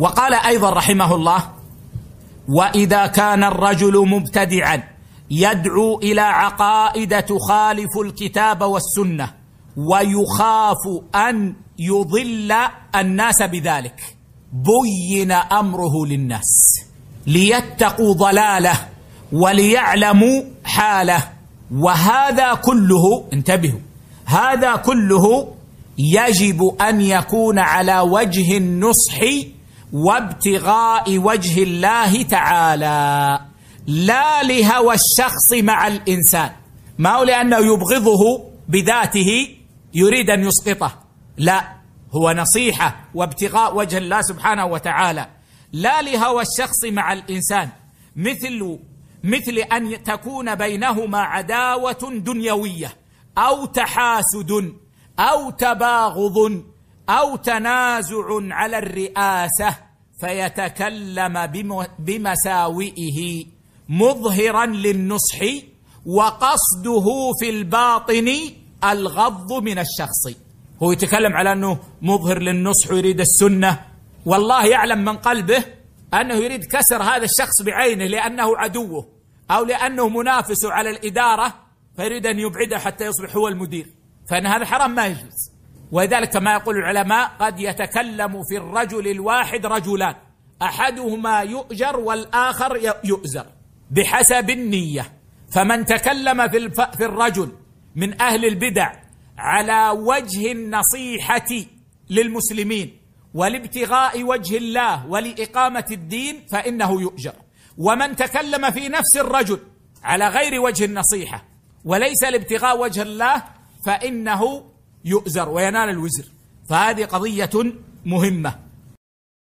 وقال أيضا رحمه الله وإذا كان الرجل مبتدعا يدعو إلى عقائد تخالف الكتاب والسنة ويخاف أن يضل الناس بذلك بين أمره للناس ليتقوا ضلاله وليعلموا حاله وهذا كله انتبهوا هذا كله يجب أن يكون على وجه النصح وابتغاء وجه الله تعالى لا لهوى الشخص مع الإنسان ما هو لأنه يبغضه بذاته يريد أن يسقطه لا هو نصيحة وابتغاء وجه الله سبحانه وتعالى لا لهوى الشخص مع الإنسان مثل مثل أن تكون بينهما عداوة دنيوية أو تحاسد أو تباغض او تنازع على الرئاسه فيتكلم بمساوئه مظهرا للنصح وقصده في الباطن الغض من الشخص هو يتكلم على انه مظهر للنصح ويريد السنه والله يعلم من قلبه انه يريد كسر هذا الشخص بعينه لانه عدوه او لانه منافسه على الاداره فيريد ان يبعده حتى يصبح هو المدير فان هذا حرام ما يجلس ولذلك كما يقول العلماء قد يتكلم في الرجل الواحد رجلان احدهما يؤجر والاخر يؤزر بحسب النيه فمن تكلم في في الرجل من اهل البدع على وجه النصيحه للمسلمين ولابتغاء وجه الله ولاقامه الدين فانه يؤجر ومن تكلم في نفس الرجل على غير وجه النصيحه وليس لابتغاء وجه الله فانه يؤزر وينال الوزر فهذه قضية مهمة